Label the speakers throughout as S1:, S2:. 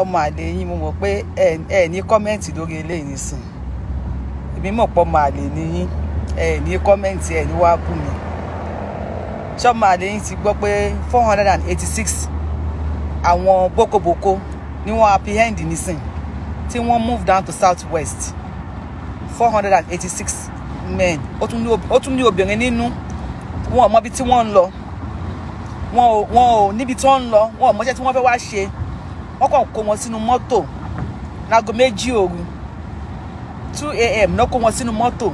S1: ọmọ àlè yín mo mọ̀ pé ẹ ẹ ní kọ́mẹ́ǹtì lórí eléyìí nísìn èmi mọ̀ pé ọmọ àlè ni yín ẹ ní kọ́mẹ́ǹtì ẹ ní wàá bù mí ṣọ́mọ àlè yín ti gbọ́ pé four hundred and eighty six àwọn bókòbókò ni wọ́n apprehend nísìn tí wọ́n move down to south west four hundred and eighty six men ó tún ní obìnrin nínú wọn ò mọbi tí wọ́n ń lọ wọn ò níbi tí wọ́n ń lọ wọn ò mọṣẹ́ tí wọ́n fẹ́ wá ṣe wọ́n kàn kó wọn sínú mọ́tò láago méjì òru two a.m. náà kó wọn sínú mọ́tò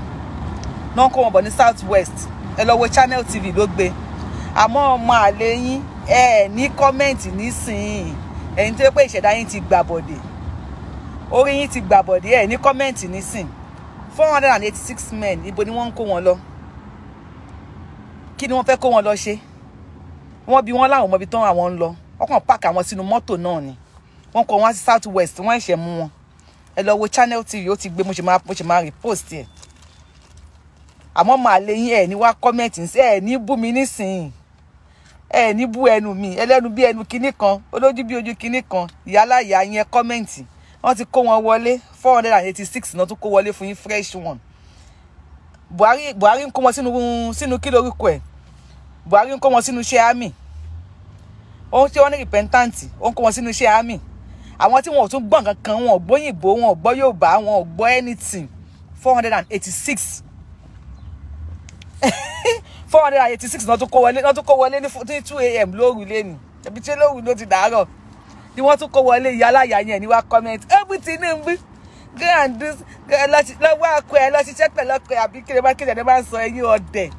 S1: náà kó wọn bọ̀ ní south west ẹ lọ wo channel tv ló gbé àmọ́ ọmọ àlè yín ẹ ní kọ́mẹ́ǹtì nísìnyìí ẹ̀yin tó yẹ pé ìṣẹ̀dá yín ti gbàbọ̀dè orí yín ti gbàbọ̀dè ẹ ní kọ́mẹ́ǹtì nísìn four hundred and eighty six men ibo ni wọ́n ń kó wọn lọ kí ni wọ́n fẹ́ kó wọn lọ ṣe wọ́n bí wọ́n láwọn mọ̀bi tán àwọn ń lọ ọkàn pààkì àwọn sínú mọ́tò náà ni wọ́n kọ wọn sí south west wọ́n ẹ̀ṣẹ̀ mú wọn ẹ lọ wo channel tv ó ti gbé mo ṣe máa mo ṣe máa repost ẹ̀ àmọ́ màá lè yín ẹ̀ ní wá kọ́mẹ̀ntì sí ẹ̀ ní bú mi nísìnyí ẹ̀ ní bú ẹnu mi ẹlẹ́nu bí ẹnu kinní kan olójú bí ojú kinní kan ìyáláyà yẹn kọ́mẹ̀ntì wọ́n ti kó wọn wọlé four hundred and eighty six náà tún kó wọlé fún yín fresh one buhari buhari ń kó wọn sínú sínú kí lórúkọ ẹ̀ buhari ń kó wọn sínú iṣẹ́ àmì ohun tí wọ́n ní repentant ó ń kó wọn sínú iṣẹ́ àmì àwọn tí wọn ò tún gbọ́ nǹkan kan wọn ò gbóyìnbó wọn ò gbọ́ Yorùbá wọn ò gbọ́ anything four hundred and eighty six four hundred and eighty six náà tún kó wọlé náà tún kó wọlé ní two a.m. lóru lẹ́nu ẹbí tí lóru ló ti dàárọ̀ ni wọ́n tún kó wọlé ìyá aláya yẹn ní wá comment ẹbí Tinubu go and do lọ́wọ́ ọkọ ẹ lọ ṣiṣẹ́ pẹ̀lú ọkọ ẹ àbí kílẹ̀ máa kílẹ̀ ní máa ń sọ ẹyin ọ̀dẹ̀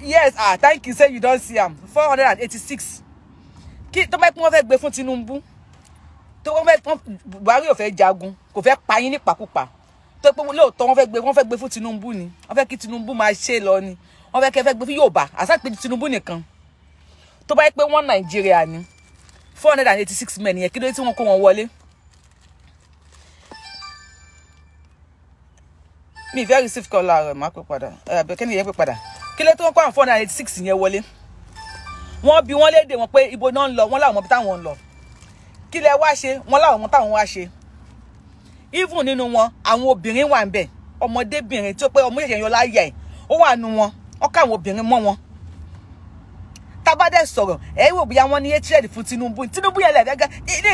S1: yes ah thank you say you don see am four hundred and eighty six kí tó bá pín wọn fẹ́ gbé fún Tinubu tó wọ́n fẹ́ Buhari ò fẹ́ jagun kò fẹ́ pa yín nípakúpa tó pé lóòótọ́ wọ́n fẹ́ gbé wọ́n fẹ́ gbé fún Tinubu ni wọ́n fẹ́ kí Tinubu máa ṣe lọ ni wọ́n fẹ́ kẹ́ fẹ́ gbé fún Yorùbá àsápè Tinubu nìkan tó bá yẹ pé wọ́n Nàìjíríà ni four hundred and eighty six men yẹn kí ló dé tí wọ́n kó wọn wọlé. mi ìfẹ́ receive call ààrẹ máa pè padà àbẹ kẹ́ni yẹn pè padà kí ló dé tí wọ́n kó àwọn four hundred and eighty six yẹn wọlé wọ́n bi wọ́n léde wọn pé ibo náà ń lọ wọ́n láwọn mọ̀ bí táwọn ń lọ kí lẹ wá ṣe wọn láwọn ọmọ táwọn wá ṣe even nínú wọn àwọn obìnrin wà ń bẹ ọmọdébìnrin tí ó pé ọmọ ìṣẹ̀yìn ọlá yà ẹ̀ ó wà nù wọn wọn ká àwọn obìnrin mọ́ wọn tábàdẹ sọ̀rọ̀ ẹ wò bóyá wọn ní hatred fún Tinubu Tinubu yẹn lẹẹgẹ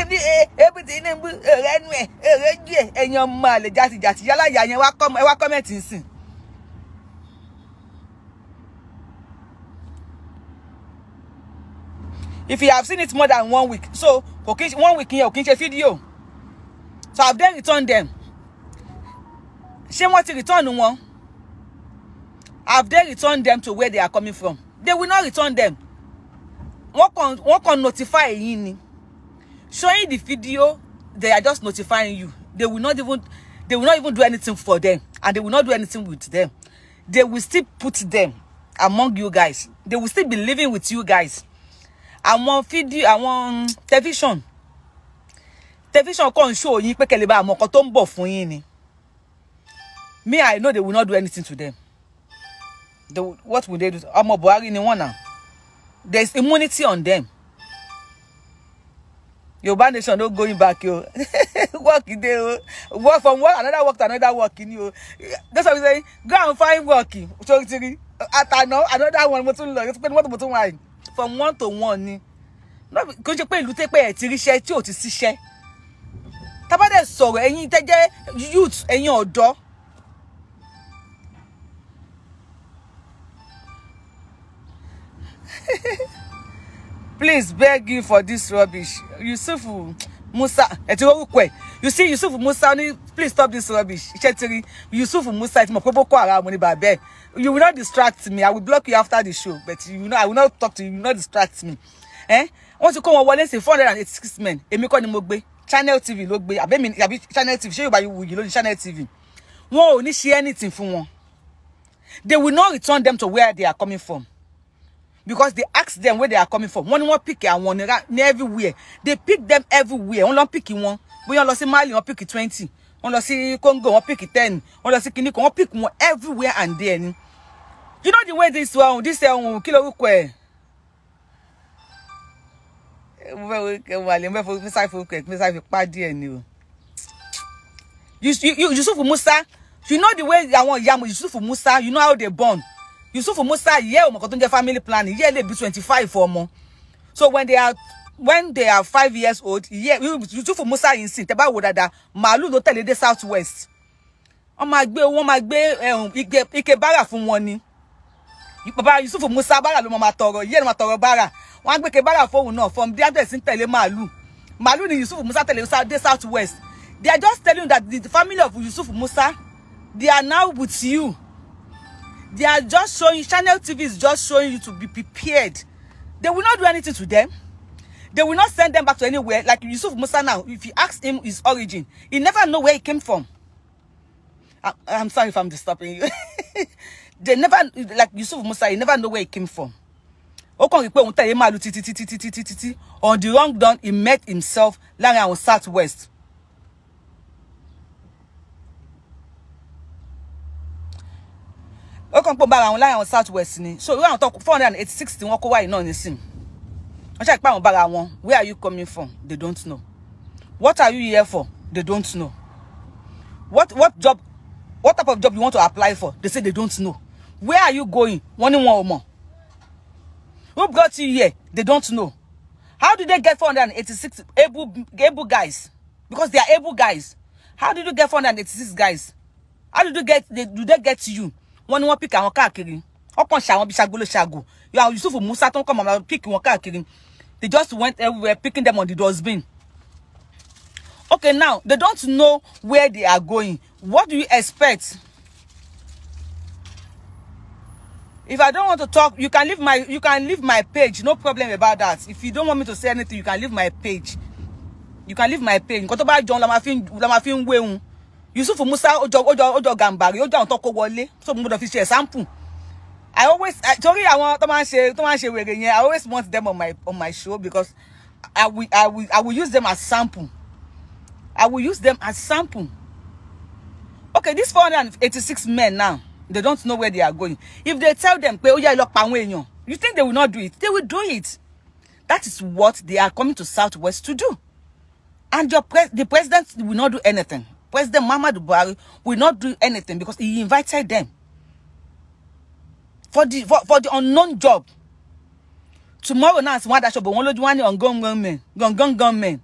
S1: ní e, ebi Tinubu èrè ẹnu ẹ èrè ju ẹ ẹyin ọmọ àlè jàtìjàtì yálà ìyá yẹn wá kọ́mẹ́ǹtì nsìn. if you have seen it more than one week so kò one week yẹn ò kí n ṣe fídíò so I've then returned them ṣé wọ́n ti return wọn I've then returned them to where they are coming from they will not return them wọ́n kàn notify you, showing the video they are just notifying you they will not even they will not even do anything for them and they will not do anything with them they will still put them among you guys they will still be living with you guys àwọn fídíò àwọn mm, tẹlifíṣàn tẹlifíṣàn kan ń ṣó yín pé kẹlẹ bá àmọ kan tó ń bọ̀ fún yín ni me i know they will not do anything to them they what will they do ọmọ Buhari ni wọ́n náà there is immunity on them Yorùbá nation no going back o work dey o work from work another work to another work ni o that's why we say go and find work torí tiri àtàná another one mo tún lọ yóò tún pé ni wọ́n tó mo tún wáyé from one to one ni kò jẹ́ pé ìlú tẹ́ pé ẹ̀ ti ríṣẹ́ tí ò ti ṣiṣẹ́ tábàdẹ̀ sọ̀rọ̀ ẹ̀yin tẹ́ youth ẹ̀yin ọ̀dọ́ please beg you for this rubbish Yusuf musa ẹ ti rórúkọ ẹ you see yusuf musa ni please stop this rubbish iṣẹ́ ti rí yusuf musa ẹ ti mọ̀ pé boko haram ni bàbá you will not distract me i will block you after the show but you know i will not talk to you you will not distract me ẹ wọ́n ti kó wọn wọlé sí four hundred and eighty six men èmi kọ́ ni mo gbé channel tv ló gbé àbẹ́mi àbí channel tv ṣé yorùbá wuyì ló ní channel tv wọn ò ní ṣe anything fún wọn they will not return them to where they are coming from because they ask them where they are coming from One more wọ́n pick one everywhere they pick them everywhere One lọ pick one. We wọ́n lọ sí Mali wọ́n pick twenty wọ́n lọ Congo wọ́n pick ten wọ́n lọ sí kìnnìkan pick wọn everywhere and then. you know the way this one um, this one um, kilo lorúkọ ẹ̀ mo fẹ́ wà lè mo fẹ́ fún sáfì orúkọ ẹ̀ pé sáfì pa díẹ̀ ni o Yusuf Musa you know the way àwọn ìyá Yusuf Musa you know how they born. Yusuf Musa yìí ẹ̀ ò family plan, yìí they be bí twenty five ọmọ so when they are when they are five years old yìí Yusuf Musa in sin teba tẹ́ bá wò dáadáa màálù ló tẹ̀lé dé south west wọ́n máa gbé um máa gbé ike bára fún wọn ni bàbá Yusuf Musa bara lo mama toro, yìí mama toro bara. tọrọ bára ke bara gbé ike bára from there bẹ̀rẹ̀ sí ń malu, malu ni Yusuf Musa tẹ̀lé dé south west they are just telling you that the family of Yusuf Musa they are now with you. They are just showing, Channel TV is just showing you to be prepared. They will not do anything to them. They will not send them back to anywhere. Like Yusuf Musa now, if you ask him his origin, he never know where he came from. I, I'm sorry if I'm disturbing you. they never, like Yusuf Musa, he never know where he came from. on the wrong done he met himself láàrin àwọn south west ó kàn pọ̀ bára àwọn láyà àwọn south west ni so irú àwọn tó four hundred and eighty six tí wọ́n kó wáyé náà nísìn wọ́n ṣàpá àwọn bára wọn where are you coming from they don't know what are you here for they don't know what what job what type of job you want to apply for they say they don't know where are you going wọ́n ní wọn ò mọ̀ who brought you here they don't know how did they get four hundred and eighty six able able guys because they are able guys how did you get four hundred and eighty six guys how did you get they, do they get you wọ́n ní wọ́n píkì àwọn káàkiri ọkàn ṣe àwọn bíi ṣagolo ṣago yọ Yusuf Musa tó ń kọ́ màmá píkì wọn káàkiri they just went everywhere eh, picking them on the dustbin okay now they don't know where they are going what do you expect if i don't want to talk you can leave my you can leave my page no problem about that if you don't want me to say anything you can leave my page you can leave my page nǹkan tó bá jọ la ma fi la ma fi ń wéhun Yusuf Musa ó jọ ó jọ ó jọ gàǹbàrí ó jọ so mo gbọ́dọ̀ fi ṣe example I always torí àwọn tó to ń ṣe tó máa ń ṣe wèrè I always want them on my on my show because I will I will I will use them as sample I will use them as sample okay these four hundred eighty-six men now they don't know where they are going if they tell them pé ó yá lọ pa àwọn èèyàn you think they will not do it they will do it that is what they are coming to Southwest to do and your pres the president will not do anything President Muhammadu Buhari will not do anything because he invited them for the for, for the unknown job. Tomorrow now, someone that should be one one ongoing gunmen, gun gunmen.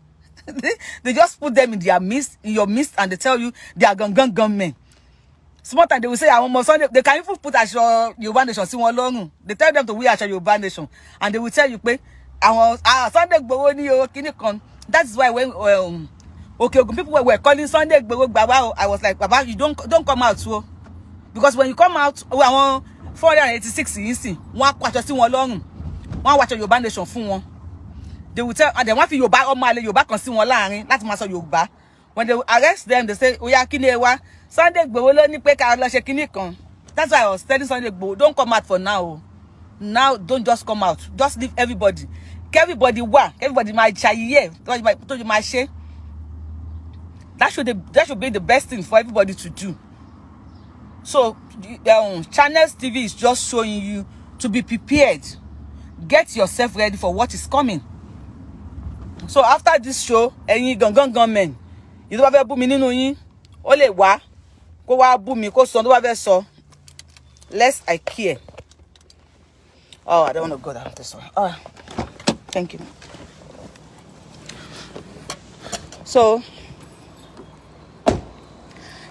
S1: They just put them in their midst, in your midst, and they tell you they are gun gun gunmen. Small time they will say "I want Sunday they can even put aṣọ Yorùbá nation See wọn long? they tell them to wear aṣọ Yorùbá nation and they will tell you pé àwọn ah, Sunday but when you kíní kan that is why when um, okay Ogun people were, calling Sunday Igboho Baba I was like Baba you don't don't come out o because when you come out àwọn four hundred and eighty six yìí sìn wọ́n á kó aṣọ sí wọn lọ́rùn wọ́n á wọ nation fún wọn they will tell and they want wọ́n fi Yorùbá ọmọ àlè Yorùbá kan sí wọn láàrin láti máa sọ Yorùbá when they arrest them they say oya kí ni ẹ Sunday Igboho ló ní pé ká lọ ṣe kinní kan that's why I was telling Sunday Igboho don't come out for now o now don't just come out just leave everybody kí everybody wà kí everybody máa ṣayẹyẹ tó máa That should, that should be the best thing for everybody to do. So, um, Channels TV is just showing you to be prepared. Get yourself ready for what is coming. So, after this show, ẹ̀yin gangan gan men, you don't have fẹ́ bú mi nínú yín, ó lè wá, kó wá bú mi, kó sọ tó bá Less I care. Oh, I don't want to go down this one. Oh, thank you. So,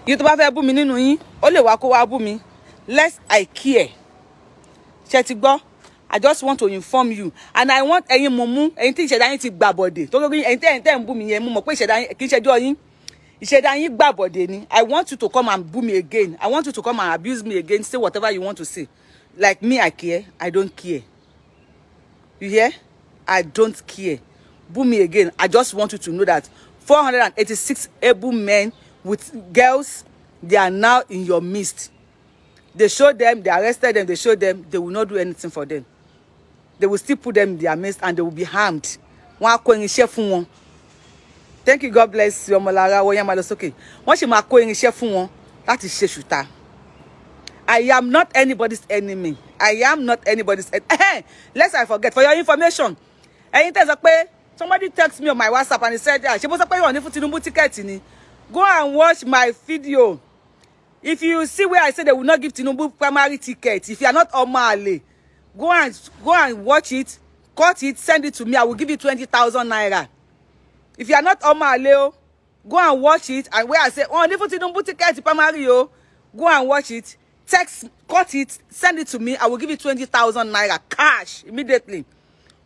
S1: yìí tó bá fẹ́ bú mi nínú yín ó lè wá kó wá bú mi lest I care ṣe ti gbọ́ I just want to inform you and I want ẹ̀yin mumu, ẹ̀yin tí ìṣẹ̀dá yín ti gbà bọ̀dẹ̀ tó lórí ẹ̀yin tẹ́yìn tẹ́yìn bú mi yẹn mo mọ̀ pé ìṣẹ̀dá yín kì í ṣẹjọ́ yín ìṣẹ̀dá yín gbà bọ̀dẹ̀ ni I want you to come and boo me again I want you to come and abuse me again say whatever you want to say like me I care I don't care you hear I don't care boo me again I just want you to know that 486 able men with girls they are now in your midst they show them they arrested them they show them they will not do anything for them they will still put them in their midst and they will be harmed wọn á kó thank you god bless you ọmọlára wọnyá máa lọ sókè wọ́n sì máa kó i am not anybody's enemy i am not anybody's enemy lest i forget for your information ẹ̀yin tẹ́ sọ somebody text me on my whatsapp and he said she ah, bó sọ pé ìrọ̀ ní fún tinubu tíkẹ́ẹ̀tì ni. Go and watch my video. If you see where I said they will not give Tinubu primary ticket, if you are not Omale, go and go and watch it, cut it, send it to me. I will give you 20,000 naira. If you are not Omale, oh, go and watch it. And where I say, oh, leave Tinubu ticket primary, yo. Oh, go and watch it. Text, cut it, send it to me. I will give you 20,000 naira cash immediately.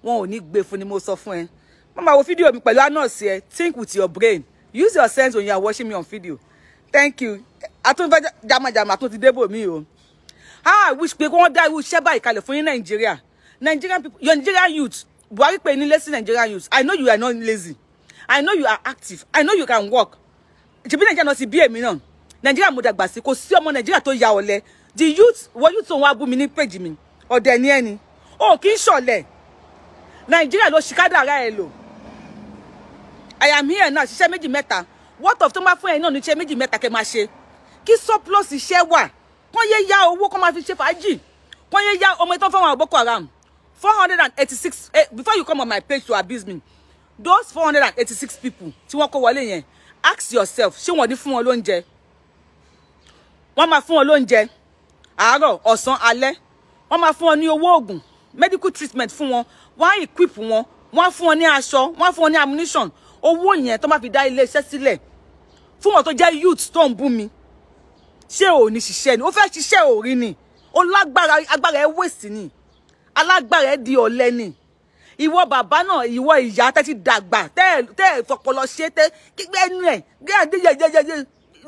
S1: Wọn ò need to be ni mo sọ fún ẹ. Mama, video I'm mi pẹ̀lú anọ́ọ̀sì ẹ. Think with your brain use your sense when you are watching me on video thank you àtúnfẹ́ jamajama tó ti débò mí o ah i wish pé kí wọ́n dá irú iṣẹ́ báyìí kalẹ̀ fún yín nàìjíríà nigerian people your nigerian youth buhari pé ní lazy nigerian youth i know you are not lazy i know you are active i know you can work ṣebí nàìjíríà náà ti bí èmi náà Nigeria mo dàgbà sí kò sí ọmọ nàìjíríà tó ya ọ̀lẹ the youth wọ youth òun abú mi ní péjì mi ọ̀dẹ̀ ni ẹni o kì í ṣọ̀lẹ nàìjíríà ló ṣìkádà ara ẹ i am here now ṣiṣẹ́ méjì mẹ́ta what of tó máa fún ẹ̀yin náà ní ṣe méjì mẹ́ta kẹ́ máa ṣe kí surplus iṣẹ́ wà kán yé yá owó kán máa fi ṣe fàájì kán yé yá ọmọ ìtàn fáwọn Boko Haram four hundred and eighty-six eh, before you come on my page to abuse me those four hundred and eighty-six people tí wọ́n kó wọlé yẹn ask yourself ṣé wọ́n ní fún wọn lóúnjẹ wọ́n máa fún wọn lóúnjẹ àárọ̀ ọ̀sán alẹ́ wọ́n máa fún wọn ní owó oògùn medical treatment fún wọn wọ́n á equip wọn wọ́n á fún wọn ní aṣọ wọ́n á fún wọn ní ammunition owó yẹn tó má fi dá ilé iṣẹ́ sílẹ̀ fún wọn tó jẹ́ youth tó ń bú mi ṣé ò ní ṣiṣẹ́ ni ó fẹ́ ṣiṣẹ́ òrí ni ó lágbára agbára ẹ wèsì ni alágbára ẹ di ọ̀lẹ ni ìwọ bàbá náà ìwọ ìyá tẹ́ ti dàgbà tẹ́ ẹ fọpọlọ ṣe tẹ́ gbígbé ẹnu ẹ gbé àdéjẹjẹjẹjẹ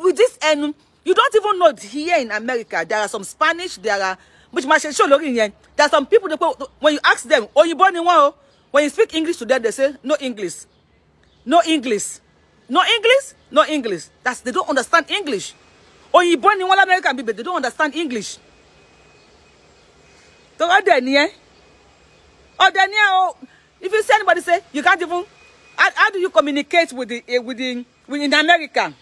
S1: with this ẹnu you don't even know here in America there are some Spanish there are bó ti máa ṣe ṣó lórí yẹn there are some people when you ask them òyìnbó ni wọn o when you speak English to them they say no English no English. No English, no English. That's they don't understand English. Òyìnbó ni wọ́n l'American people, they don't understand English. So what then, yeah? Oh, then, oh, if you see anybody say, you can't even, how, how do you communicate with the, uh, with the, in America?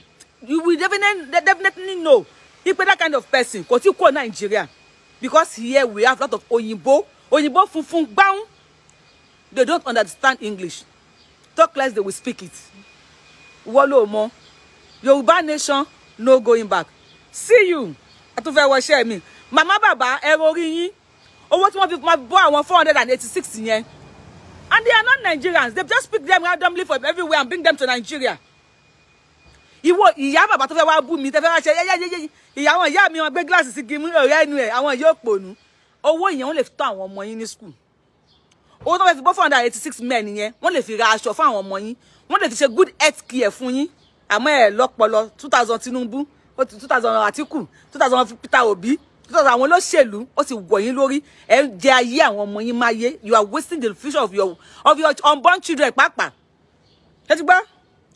S1: You will definitely, definitely know. If that kind of person, because you call Nigeria. Because here we have a lot of Oyibo Òyìnbó funfun, bang. They don't understand English talk less they will speak it wọ́n ló mọ yorùbá nation no going back see you àtúnfẹ́ wọṣẹ́ mi màmá bàbá ẹ̀rọ orí yín owó tí wọ́n fi máa bọ́ àwọn four hundred and eighty six yẹn and they are not Nigerians they just pick them randomly from everywhere and bring them to Nigeria ìwọ ìyá bàbá tó fẹ́ wá bú mi tẹ́ fẹ́ wá ṣe yẹ́yẹ́yẹ́yẹ́ ìyá àwọn ìyá mi wọn gbé gíláàsì sí gímú ọ̀rẹ́ ẹnu ẹ̀ àwọn yóò pònú owó ìyẹn wọn lè fi tọ́ àwọn ọmọ yín school owó tó fẹ́ fi bọ́ four hundred eighty six men yẹn wọ́n lè fi ra aṣọ fún àwọn ọmọ yín wọ́n lè fi ṣe good health care fún yín àmọ́ ẹ̀ lọ́pọlọ two thousand Tinubu two thousand Atiku two thousand Peter Obi two thousand àwọn olóṣèlú ó sì wọ̀ yín lórí ẹ̀ ń jẹ ayé àwọn ọmọ yín máa yé you are wasting the future of your of your unborn children pàápàá ẹ ti gbọ́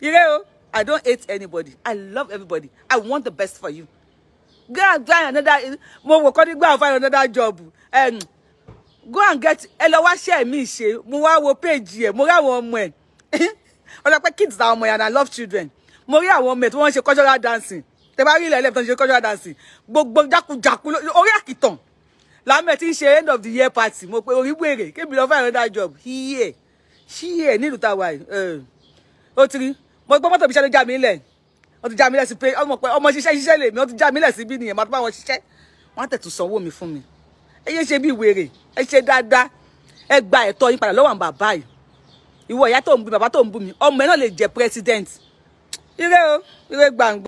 S1: ire o I don't hate anybody I love everybody I want the best for you go and find another mo wò kọ́ ní go and find another job. Um, go and get ẹ lọ wá ṣẹ́ mi ṣe mo wá wo péèjì ẹ̀ mo rí àwọn ọmọ ẹ̀ ọlọpẹ́ kids àwọn ọmọ and I love children mo rí àwọn ọmọ ẹ̀ tí wọ́n ń cultural dancing tẹ bá rí ilẹ̀ ilẹ̀ tó ń ṣe cultural dancing gbogbo jákujàku orí àkìtàn lámẹ̀ tí ń ṣe end of the year party mo pe orí wèrè kébì lọ fún another job here here nílùú tàwa yìí eh, ó ti rí mo gbọ́ mọ́tò mi ṣẹ́ ló já mi lẹ̀ wọ́n ti já mi lẹ̀ sí pé ọmọ ṣiṣẹ́ ṣiṣẹ́ lèmi wọ́n ti já mi lẹ̀ sí bí nìyẹn màá tó bá wọn ṣiṣẹ́ wọ́n á tẹ̀ tún sanwó mi fún mi ẹ yé ṣe bí wèrè ẹ ṣe dáadáa ẹ gba ẹ̀tọ́ yín padà lọ́wọ́ àwọn bàbá yìí ìwọ ìyá tó ń bú bàbá tó ń bú mi ọmọ ẹ náà lè jẹ president ire o ire gbàngbọ.